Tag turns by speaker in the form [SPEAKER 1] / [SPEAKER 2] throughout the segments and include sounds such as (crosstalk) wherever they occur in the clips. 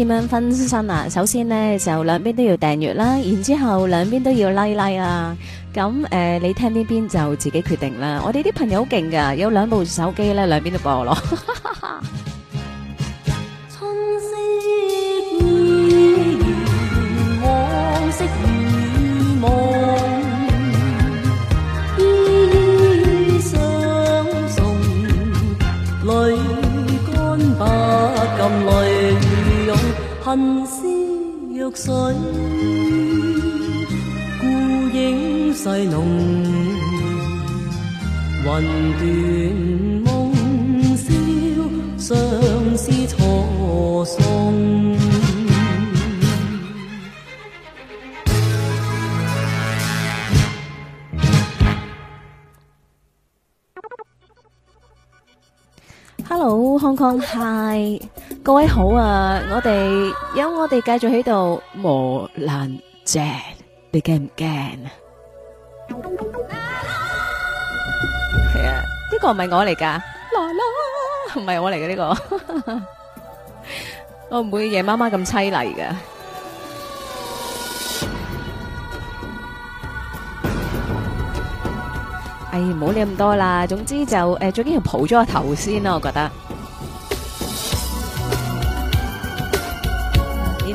[SPEAKER 1] .點樣分身啊？首先呢，就兩邊都要訂閱啦，然之後兩邊都要拉、like、拉、like、啦。咁誒、嗯呃，你聽呢邊就自己決定啦。我哋啲朋友好勁㗎，有兩部手機咧，兩邊都播咯。 (laughs) 各位好啊！我哋有我哋繼續喺度磨爛蓆，你驚唔驚啊？係啊，呢個唔係我嚟噶，啦啦，唔係我嚟嘅呢個，我唔會夜媽媽咁淒厲㗎？哎，唔好理咁多啦，總之就誒，最緊要抱咗個頭先啦，我覺得。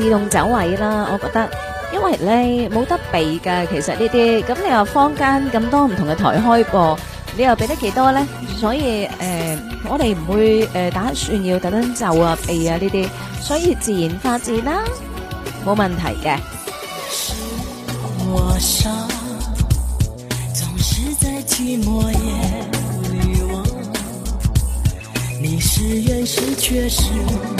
[SPEAKER 1] 自動走位啦，我覺得，因為咧冇得避㗎，其實呢啲，咁你話坊間咁多唔同嘅台開播，你又俾得幾多咧？所以誒，我哋唔會誒打算要特登就啊避啊呢啲，所以自然發展啦，冇問題
[SPEAKER 2] 嘅。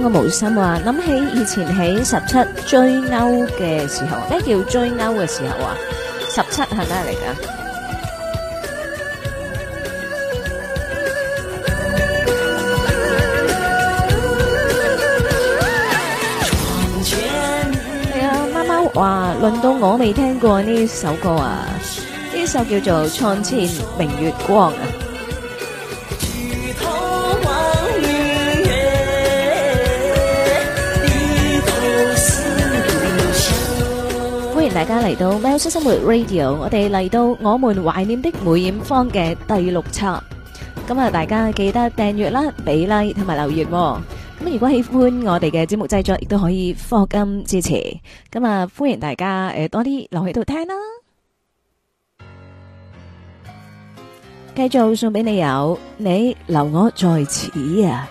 [SPEAKER 1] 我無心話，諗起以前喺十七追歐嘅時候，咩叫追歐嘅時候啊？十七係咩嚟噶？
[SPEAKER 2] 係啊，
[SPEAKER 1] 媽媽話，輪到我未聽過呢首歌啊，呢首叫做《床前明月光》。大家嚟到喵式生活 Radio，我哋嚟到我們懷念的梅艷芳嘅第六輯。咁啊大家記得訂閱啦、俾 Like 同埋留言。咁如果喜歡我哋嘅節目製作，亦都可以課金支持。咁啊，歡迎大家誒多啲留喺度聽啦。繼續送俾你有，你留我在此啊！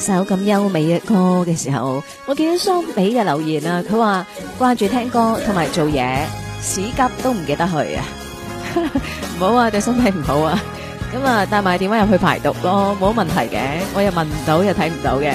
[SPEAKER 1] 首咁優美嘅歌嘅時候，我見到雙比嘅留言啦，啊，佢話掛住聽歌同埋做嘢，屎急都唔記得去 (laughs) 啊，唔好啊，對身體唔好啊，咁啊帶埋電話入去排毒咯，冇問題嘅，我又問唔到又睇唔到嘅。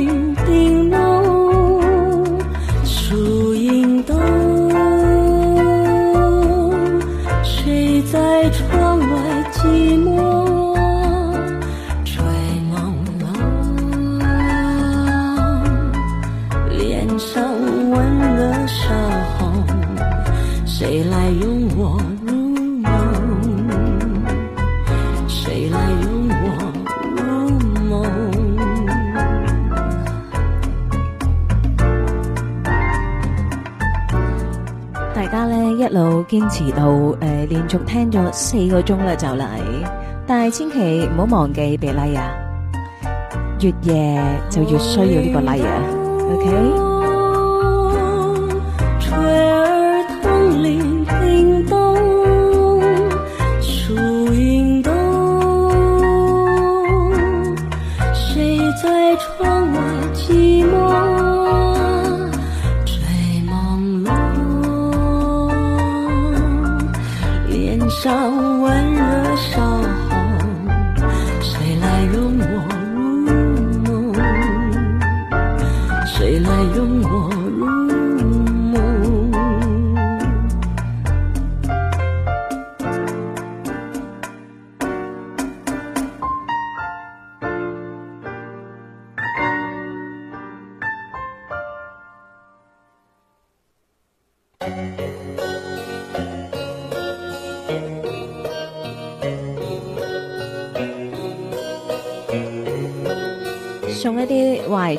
[SPEAKER 1] 到誒、呃、連續聽咗四個鐘啦就嚟，但係千祈唔好忘記俾 like 啊！越夜就越需要呢個 like 啊！OK？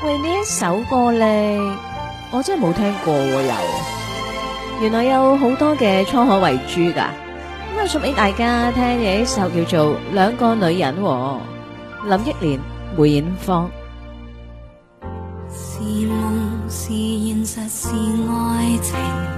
[SPEAKER 1] 喂，呢一首歌咧，我真係冇聽過喎，又，原來有好多嘅滄海遺珠噶，咁啊，送俾大家聽嘅一首叫做《兩個女人》。林憶蓮、梅艷
[SPEAKER 2] 芳，是夢，是現實，是愛情。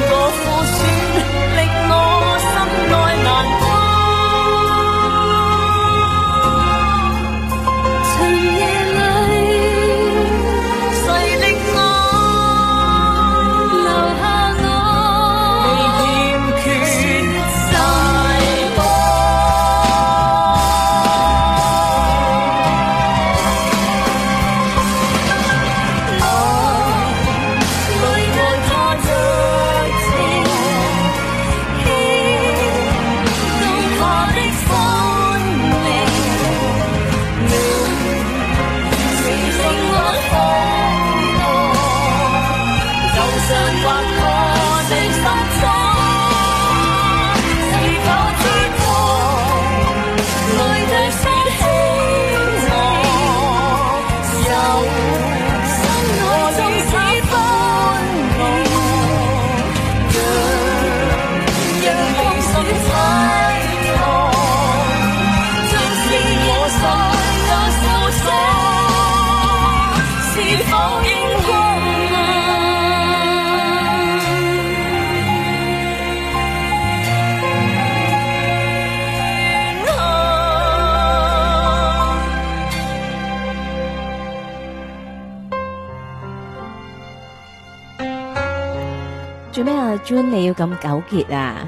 [SPEAKER 1] 熱啊！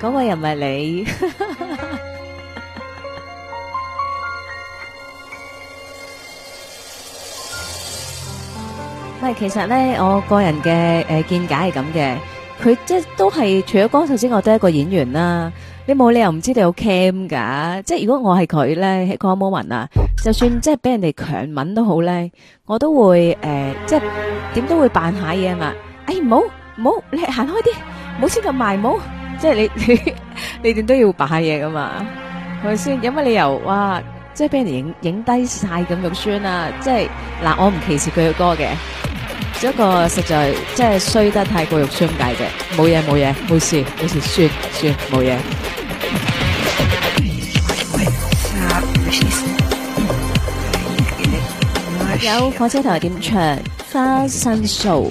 [SPEAKER 1] 嗰位又唔係你？喂，其實咧，我個人嘅誒見解係咁嘅，佢即係都係除咗歌手之外，都係一個演員啦。你冇理由唔知道有 cam 噶，即係如果我係佢咧，come on 啊，就算即係俾人哋強吻都好咧，我都會誒，即係點都會扮下嘢嘛。哎，唔好，唔好，你行開啲。冇錢就賣冇，即係你你你點都要擺嘢噶嘛，係咪先？有乜理由哇？即係俾人影影低晒咁肉酸啊！即係嗱，我唔歧視佢嘅歌嘅，只不過實在即係衰得太過肉酸解啫，冇嘢冇嘢，冇事冇事，算算冇嘢。
[SPEAKER 3] 有
[SPEAKER 1] 火車頭點唱花生酥？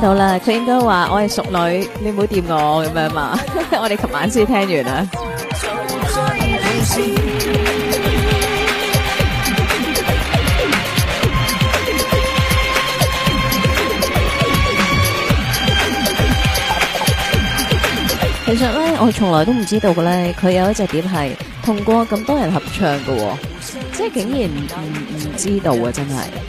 [SPEAKER 1] 到啦，佢應該話我係淑女，你唔好掂我咁樣嘛。 (laughs) (laughs) 我哋琴晚先聽完啊。其實咧，我從來都唔知道嘅咧，佢有一隻碟係同過咁多人合唱嘅，即係竟然唔唔唔知道啊！真係。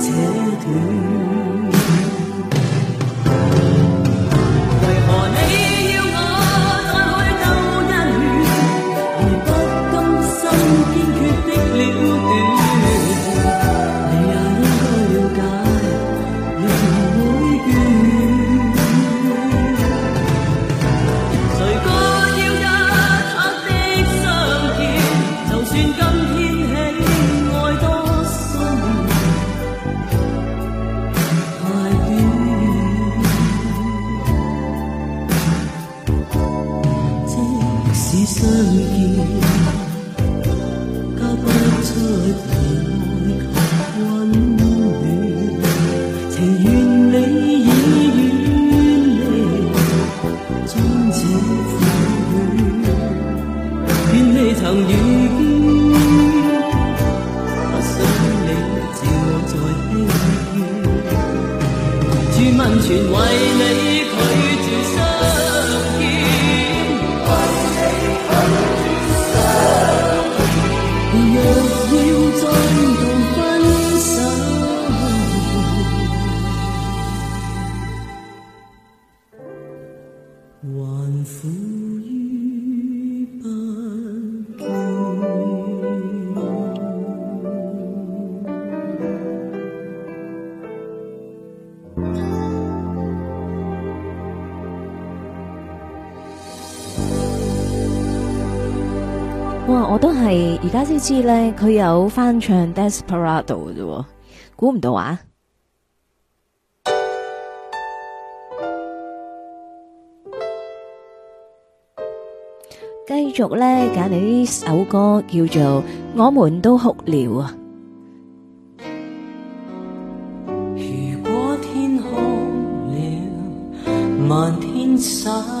[SPEAKER 1] 我都係而家先知咧，佢有翻唱《Desperado》啫，估唔到啊！繼續咧揀你呢首歌，叫做《我們都哭了》。
[SPEAKER 2] 如果天空了，漫天星。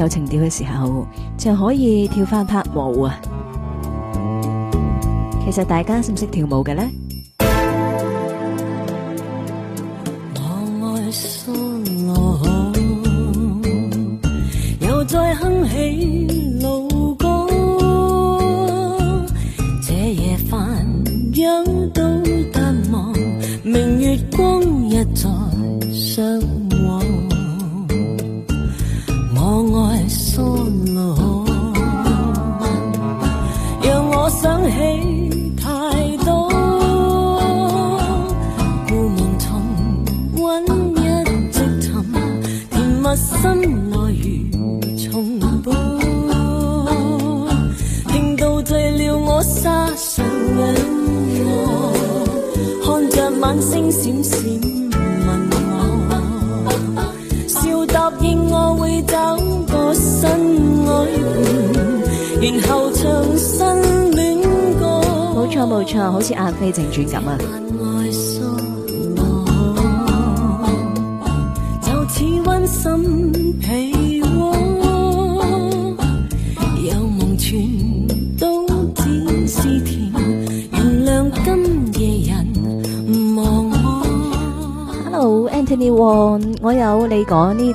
[SPEAKER 1] 有情調嘅時候，就可以跳翻拍舞啊！其實大家識唔識跳舞嘅呢？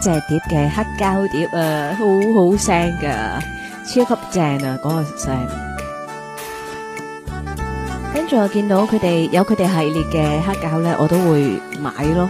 [SPEAKER 1] 隻碟嘅黑膠碟啊，好好聲噶，超級正啊嗰個聲。跟住我見到佢哋有佢哋系列嘅黑膠咧，我都會買咯。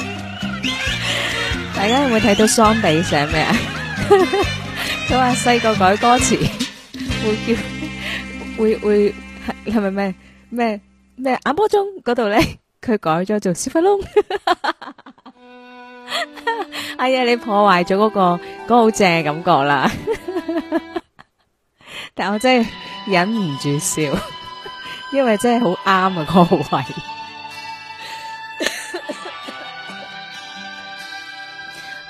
[SPEAKER 1] 大家有冇睇到雙比寫咩啊？佢話細個改歌詞會叫會會係咪咩咩咩眼波中嗰度咧，佢改咗做小窟窿。哎呀，你破壞咗嗰個嗰個好正嘅感覺啦！但我真係忍唔住笑，因為真係好啱啊個位。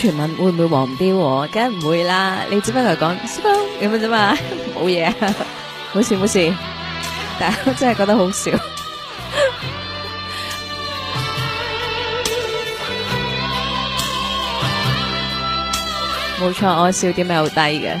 [SPEAKER 1] 傳聞會唔會黃標？梗係唔會啦。你只不過講，咁樣啫嘛，冇嘢，冇事冇事。但係真係覺得好笑。冇錯，我笑點係好低嘅。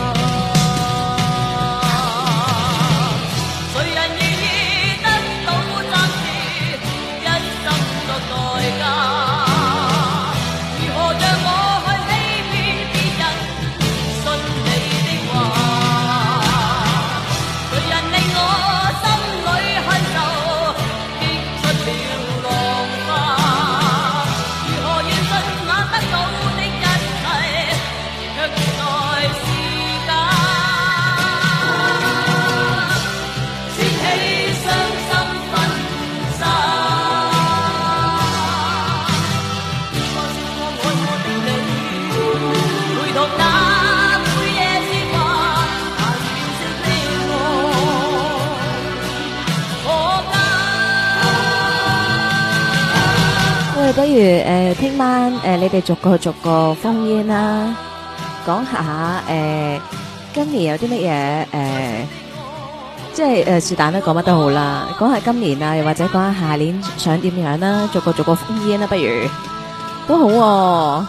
[SPEAKER 1] 不如誒，聽晚誒，你哋逐個逐個封煙啦，講下誒，今年有啲乜嘢誒，即係誒，是但都講乜都好啦，講下今年啊，又或者講下下年想點樣啦，逐個逐個封煙啦，不如都好，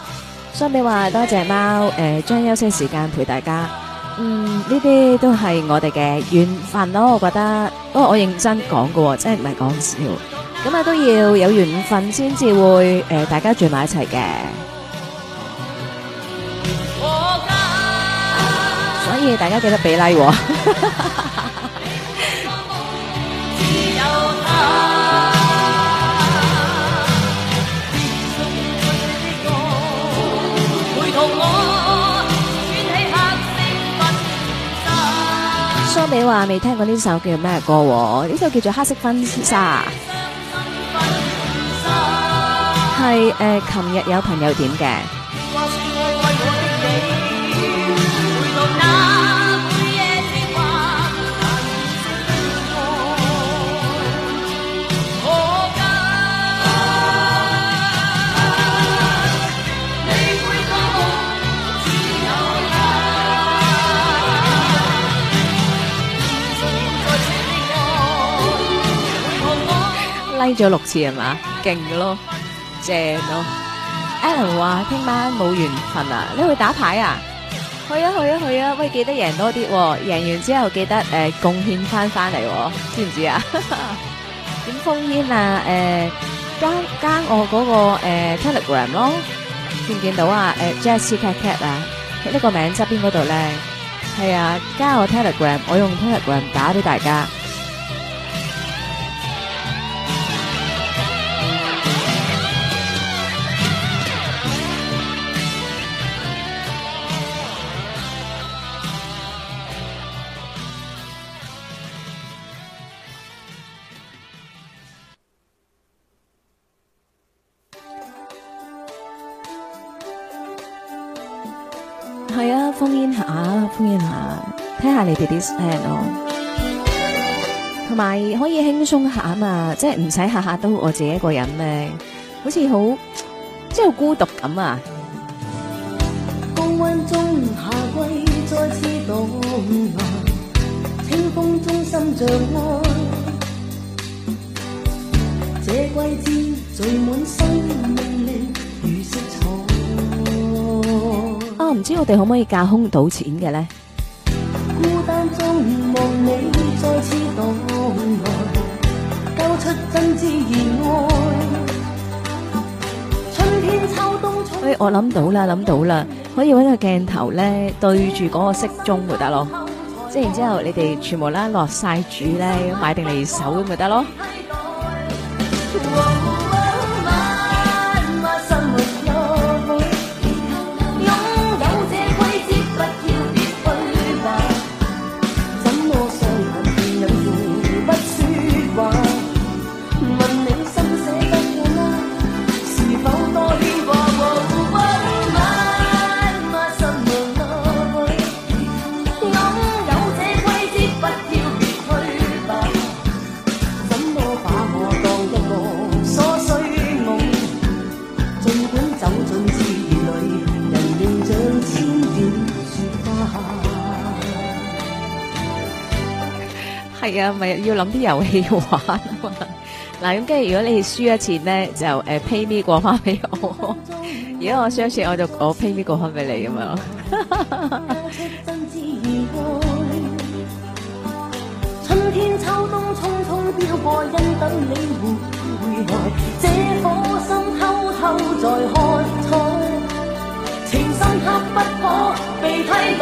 [SPEAKER 1] 所以話多謝貓誒，將休息時間陪大家，嗯，呢啲都係我哋嘅緣分咯，我覺得，不過我認真講嘅喎，真係唔係講笑。咁啊都要有緣分先至會誒、呃、大家聚埋一齊嘅，所以大家記得俾 like
[SPEAKER 3] 喎。
[SPEAKER 1] 蘇美話未聽過呢首叫做咩歌，哦？呢首 (music) 叫做《黑色婚紗》分。係誒，琴、呃、日有朋友點嘅，拉、啊、咗、啊啊啊、 (laughs) 六次係嘛，勁嘅咯。正咯、哦、，Alan 話聽晚冇緣份啊！你去打牌啊？去啊去啊去啊！喂，記得贏多啲、哦，贏完之後記得誒貢獻翻翻嚟，知唔知啊 (laughs) 封啊？點貢獻啊？誒，加加我嗰、那個誒、呃、Telegram 咯，見唔見到啊？誒 Jazzy Cat Cat 啊，呢、這個名側邊嗰度咧，係啊，加我 Telegram，我用 Telegram 打俾大家。係啊，封煙下，封煙下，聽下你哋啲 plan 咯同埋可以輕鬆下啊嘛，即係唔使下下都我自己一個人咧，好似好即係好孤獨咁啊！
[SPEAKER 2] 高溫中，夏季再次到來、啊，清風中心像安，這季節聚滿生命力
[SPEAKER 1] 不道我唔知我哋可唔可以架空的呢
[SPEAKER 2] 孤單再到錢嘅咧？
[SPEAKER 1] 哎，我諗到啦，諗到啦，可以揾個鏡頭咧對住嗰個色盅咪得咯，即係然之後你哋全部啦落晒注咧買定離手，咁咪得咯。 (laughs) 就是、要諗啲遊戲玩啊嘛，嗱 (laughs) 咁、啊，跟住如果你輸一次呢，就誒、uh, pay me 過翻俾我， (laughs) 如果我輸一次，我就我 pay me、 (laughs) 啊、衝
[SPEAKER 3] 衝
[SPEAKER 2] 衝過翻俾你咁樣。這顆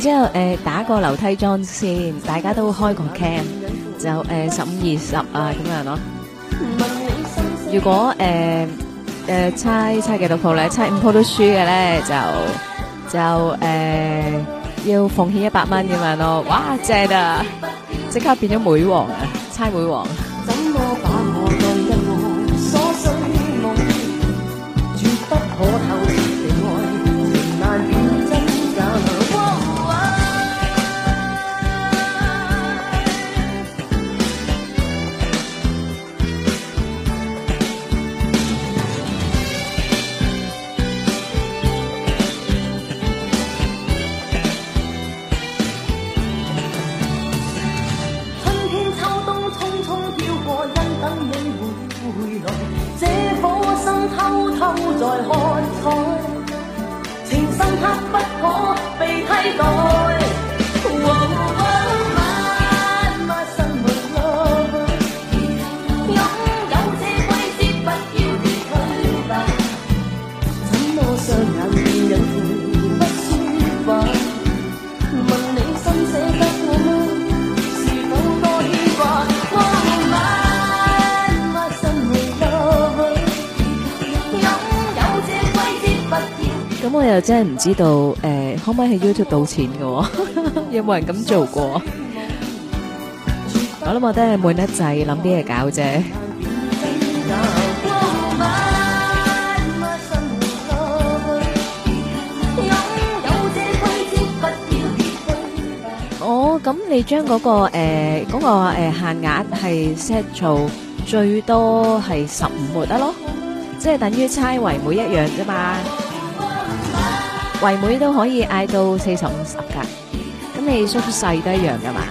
[SPEAKER 1] 之後誒、呃，打個樓梯裝先，大家都開個 cam，就誒十五二十啊咁樣咯、啊。如果誒誒、呃呃、猜猜幾多鋪咧，猜五鋪都輸嘅咧，就就誒、呃、要奉獻一百蚊咁樣咯、啊。哇正啊，即刻變咗妹王啊，猜妹王。真係唔知道，誒可唔可以喺 YouTube 賭錢嘅？有冇人咁做過？我諗我都係悶得滯諗啲嘢搞啫。哦，咁你將嗰個誒，嗰個誒限額係 set 做最多係十五，得咯，即係等於猜為每一樣啫嘛。唯美，都可以嗌到四十五十㗎。咁你縮細都一樣㗎嘛？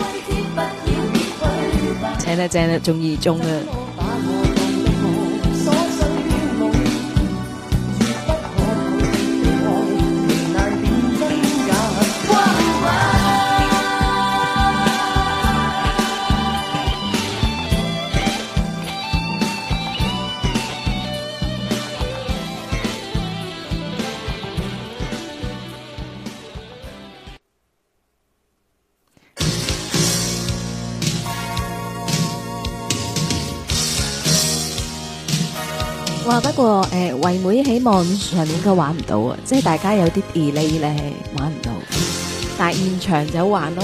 [SPEAKER 1] 正咧正咧，仲易中咧。不過誒，慧妹喺網上應該玩唔到啊，即係大家有啲 delay 咧，玩唔到。但係現場就玩
[SPEAKER 2] 咯。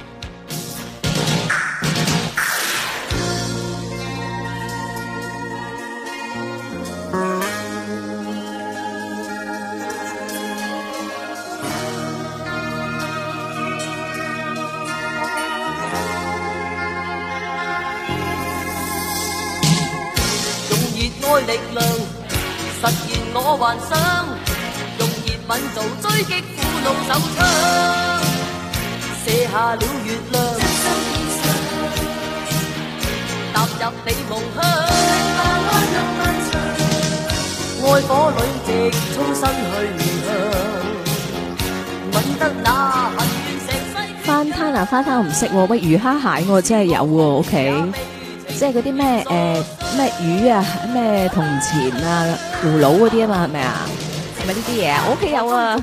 [SPEAKER 1] 食喂，魚蝦蟹我真係有喎，屋企即係嗰啲咩誒咩魚啊，咩銅錢啊、葫蘆嗰啲啊嘛，係咪啊？係咪呢
[SPEAKER 3] 啲嘢啊？我屋企有啊。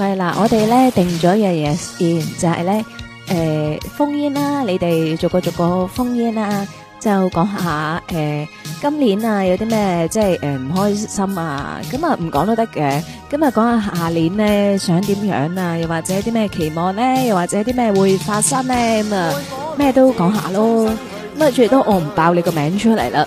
[SPEAKER 1] 係啦，我哋咧定咗一樣嘢先，就係、是、咧，誒、呃，封煙啦，你哋逐個逐個封煙啦，就講下誒、呃，今年啊有啲咩即係誒唔開心啊，咁啊唔講都得嘅，咁啊講下下年咧想點樣啊，又或者啲咩期望咧，又或者啲咩會發生咧，咁啊咩都講下咯，乜最多我唔爆你個名出嚟啦。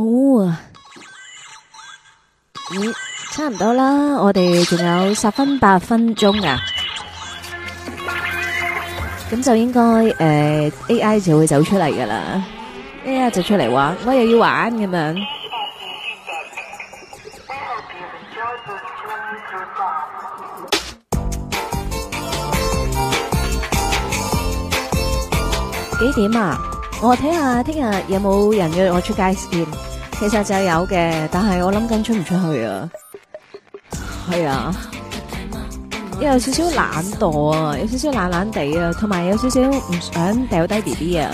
[SPEAKER 1] 好啊，咦，差唔多啦，我哋仲有十分八分鐘啊，咁就應該誒 AI 就會走出嚟噶啦，AI 就出嚟玩，我又要玩咁樣。幾點啊？我睇下聽日有冇人約我出街先。其實就有嘅，但係我諗緊出唔出去啊？係啊，因為有少少懶惰啊，有少少懶懶地啊，同埋有少少唔想掉低 B B 啊，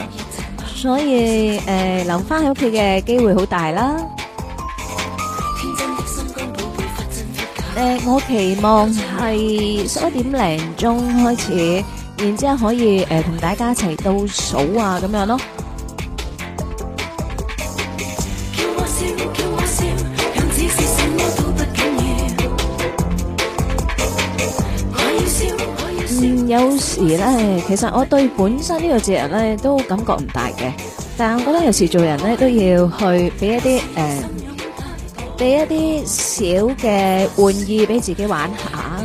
[SPEAKER 1] 所以誒、呃、留翻喺屋企嘅機會好大啦。誒、呃，我期望係十一點零鐘開始，然之後可以誒同、呃、大家一齊倒數啊，咁樣咯。有時咧，其實我對本身呢個節日咧都感覺唔大嘅，但我覺得有時做人咧都要去俾一啲誒，俾一啲小嘅玩意俾自己玩下，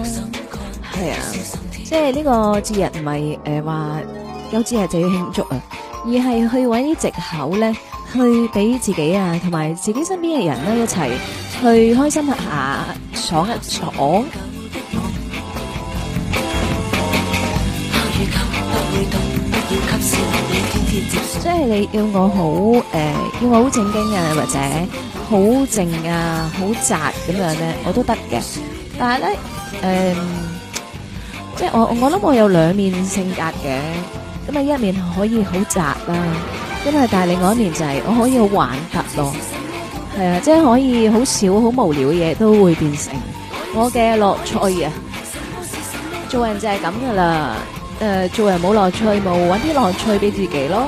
[SPEAKER 3] 係啊，
[SPEAKER 1] 即係呢個節日唔係誒話，有節日就要慶祝啊，而係去搵啲藉口咧，去俾自己啊，同埋自己身邊嘅人咧一齊去開心下，爽一爽。即係你要我好，誒，要我好正經啊，或者好靜啊，好宅咁樣咧，我都得嘅。但係咧，誒，即係我我諗，我有兩面性格嘅。咁啊，一面可以好宅啊，因為但係另外一面就係我可以好玩得咯。係啊，即係可以好少好無聊嘅嘢都會變成我嘅樂趣啊。做人就係咁噶啦。誒，做人冇樂趣，冇搵啲樂趣俾自己咯。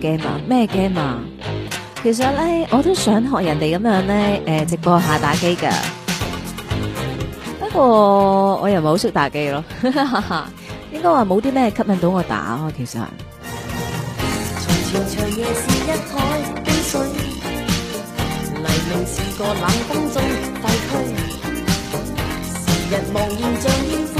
[SPEAKER 1] game 咩 game 啊？其實咧我都想學人哋咁樣咧，誒，直播下打機噶，不過我又唔係好識打機咯， (laughs) 應該話冇啲咩吸引到我打，其實。從
[SPEAKER 2] 前長夜是一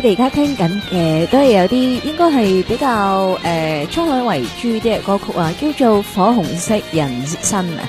[SPEAKER 1] 你哋而家聽緊誒，都係有啲應該係比較誒，滄、呃、海為珠啲歌曲啊，叫做《火紅色人生》啊。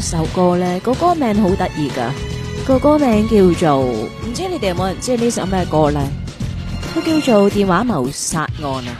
[SPEAKER 1] 首歌咧，個歌名好得意噶，個歌名叫做，唔知你哋有冇人知呢首咩歌咧？佢叫做《電話謀殺案》啊。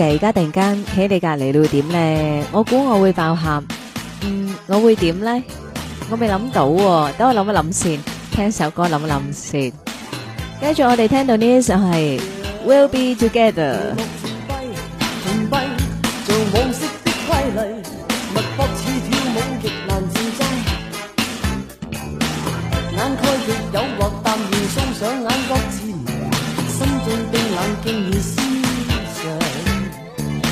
[SPEAKER 1] 而家突然間企喺你隔籬，你會點咧？我估我會爆喊，嗯，我會點咧？我未諗到喎，等我諗一諗先，聽首歌諗一諗先。跟住我哋聽到呢一首係 We'll Be Together。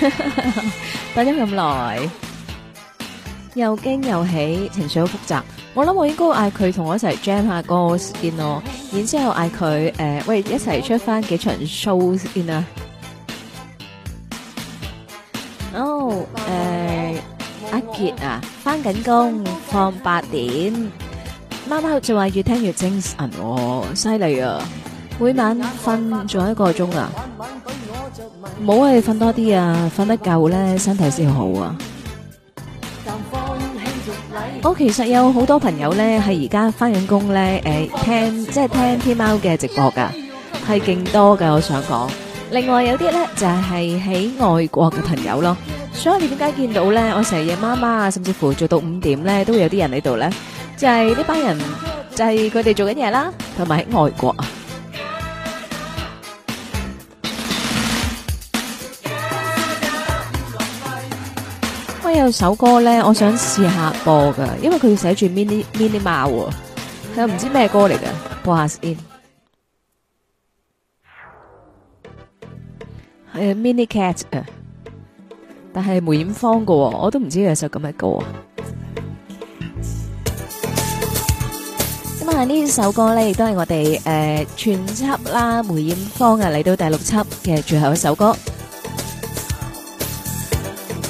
[SPEAKER 1] (laughs) 等咗咁耐，又驚又喜，情緒好複雜。我諗我應該嗌佢同我一齊 jam 一下歌先咯，然之後嗌佢誒，喂，一齊出翻幾場 show 先、呃呃、啊！哦，誒，阿杰啊，翻緊工，放八點，貓貓就話越聽越精神哦，犀利啊！每晚瞓咗一個鐘啊，冇啊，你瞓多啲啊，瞓得夠咧，身體先好啊！我其實有好多朋友咧，係而家返緊工咧，誒，聽即係聽天喵嘅直播噶，係勁多噶。我想講，另外有啲咧就係喺外國嘅朋友咯。所以你點解見到咧，我成日夜媽媽，甚至乎做到五點咧，都會有啲人喺度咧，就係呢班人，就係佢哋做緊嘢啦，同埋喺外國。有首歌咧，我想試一下播噶，因為佢要寫住 mini minimal 佢、哦、又唔知咩歌嚟嘅，播下先。誒、uh,mini cat、uh, 但係梅艷芳嘅，我都唔知係首咁嘅歌。啊。咁啊，呢首歌咧亦都係我哋誒、uh, 全輯啦，梅艷芳啊嚟到第六輯嘅最後一首歌。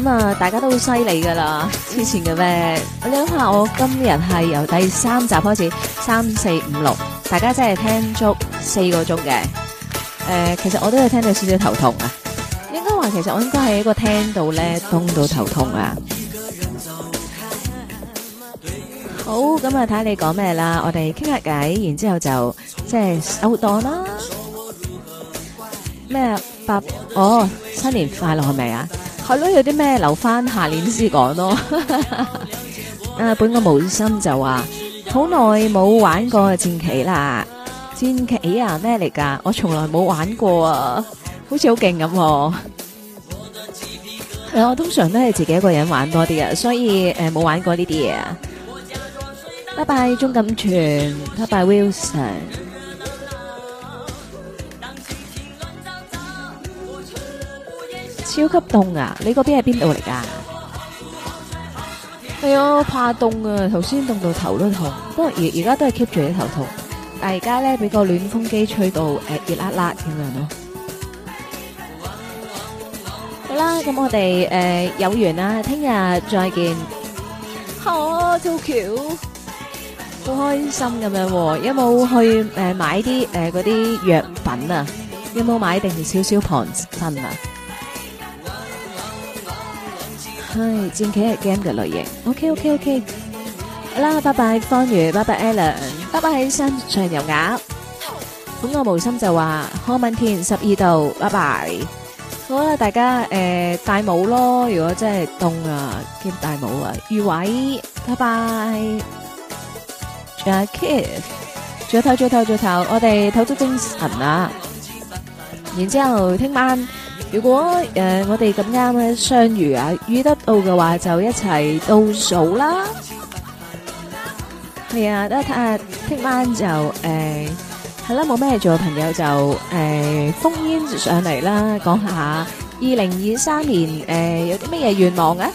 [SPEAKER 1] 咁、嗯、啊，大家都好犀利噶啦！之前嘅咩，你諗下，我今日係由第三集開始，三四五六，大家真係聽足四個鐘嘅。誒、呃，其實我都有聽到少少頭痛啊。應該話，其實我應該係一個聽到咧，凍到頭痛啊。好，咁、嗯、啊，睇下你講咩啦？我哋傾下偈，然之後就即係有活動啦。咩？八哦，新年快樂係咪啊？係咯，有啲咩留翻下年先講咯。啊，本個無心就話好耐冇玩過戰棋啦。戰棋啊，咩嚟噶？我從來冇玩過啊，好似好勁咁。我通常都係自己一個人玩多啲啊，所以誒冇玩過呢啲嘢。拜拜，鍾錦泉，拜拜 Wilson。超級凍啊！你嗰邊係邊度嚟噶？係、哎、啊，怕凍啊！頭先凍到頭都痛，不過而而家都係 keep 住頭痛。但而家咧俾個暖風機吹到誒熱辣辣咁樣咯。好、呃、啦、啦，咁、啊哎、我哋誒、呃、有緣啦、啊，聽日再見。好、啊，Hello Tokyo，好開心咁樣、啊。有冇去誒、呃、買啲誒嗰啲藥品啊？有冇買定少少旁身啊？係戰棋嘅 game 嘅類型。OK OK OK。好啦，拜拜方月，拜拜 Alan，拜拜喺身上游鴨。咁我無心就話，康文天十二度，拜拜。好啦，大家誒戴、呃、帽咯，如果真係凍啊，兼戴帽啊，預位，拜拜。仲有 Keith，早唞，早唞，早唞。我哋透足精神啊。然之後聽晚。如果誒我哋咁啱咧相遇啊，遇得到嘅話就一齊倒數啦。係啊，啦睇下聽晚就誒係啦，冇咩做嘅朋友就誒烽煙上嚟啦，講下二零二三年誒有啲咩嘢願望啊？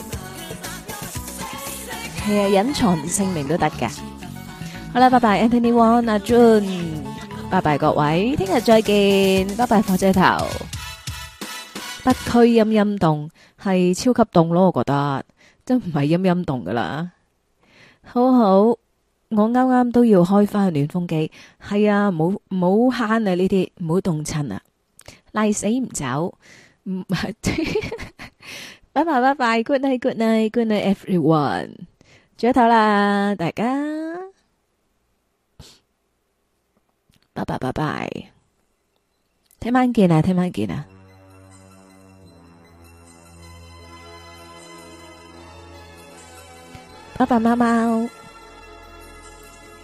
[SPEAKER 1] 係啊，隱藏姓名都得嘅。好啦，拜拜，Anthony Wong，阿 June，拜拜各位，聽日再見，拜拜火車頭。北區陰陰凍係超級凍咯，我覺得真唔係陰陰凍噶啦。好好，我啱啱都要開翻暖風機。係啊，冇冇慳啊呢啲，唔好凍親啊，賴死唔走。唔，拜拜拜拜，good night good night good night everyone，轉頭啦，大家拜拜拜拜，聽晚見啊，聽晚見啊。爸爸媽媽，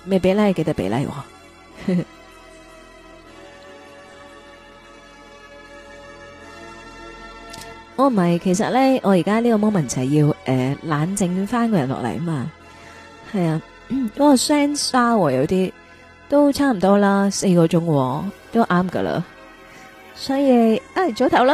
[SPEAKER 1] 未俾咧，記得俾咧我。我唔係，其實咧，我而家呢個 moment 就係要誒、呃、冷靜翻個人落嚟啊嘛。係啊，嗰個聲沙、啊、有啲都差唔多啦，四個鐘、啊、都啱噶啦。所以，哎，早唞啦。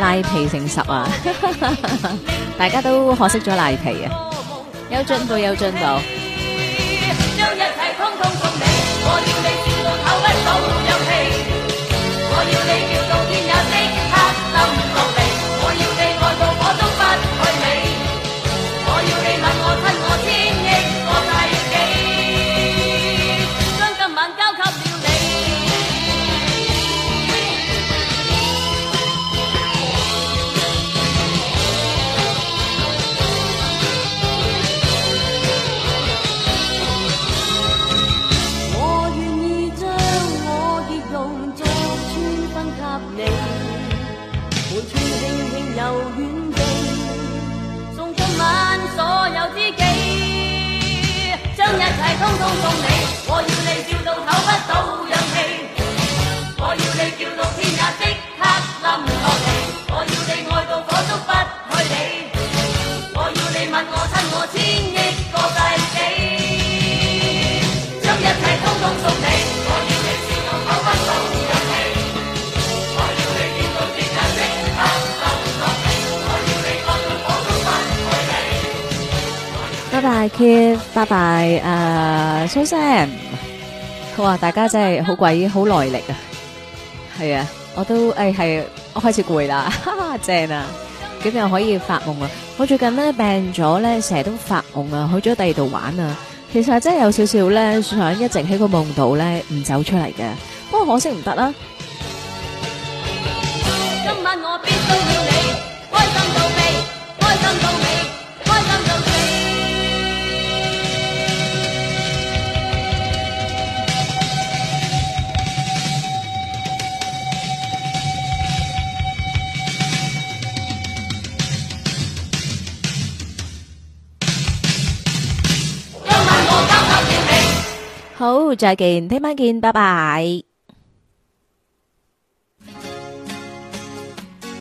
[SPEAKER 1] 賴皮成十啊！ (laughs) 大家都學識咗賴皮啊，有進步有進度。拜拜，K，拜拜，誒，蘇生，佢話大家真係好鬼好耐力啊，係啊，我都誒係、哎，我開始攰啦，哈哈，正啊，咁又可以發夢啊，我最近咧病咗咧，成日都發夢啊，去咗第二度玩啊，其實真係有少少咧想一直喺個夢度咧唔走出嚟嘅，不過可惜唔得啦。
[SPEAKER 2] 今晚我
[SPEAKER 1] 再見，聽晚見，拜拜。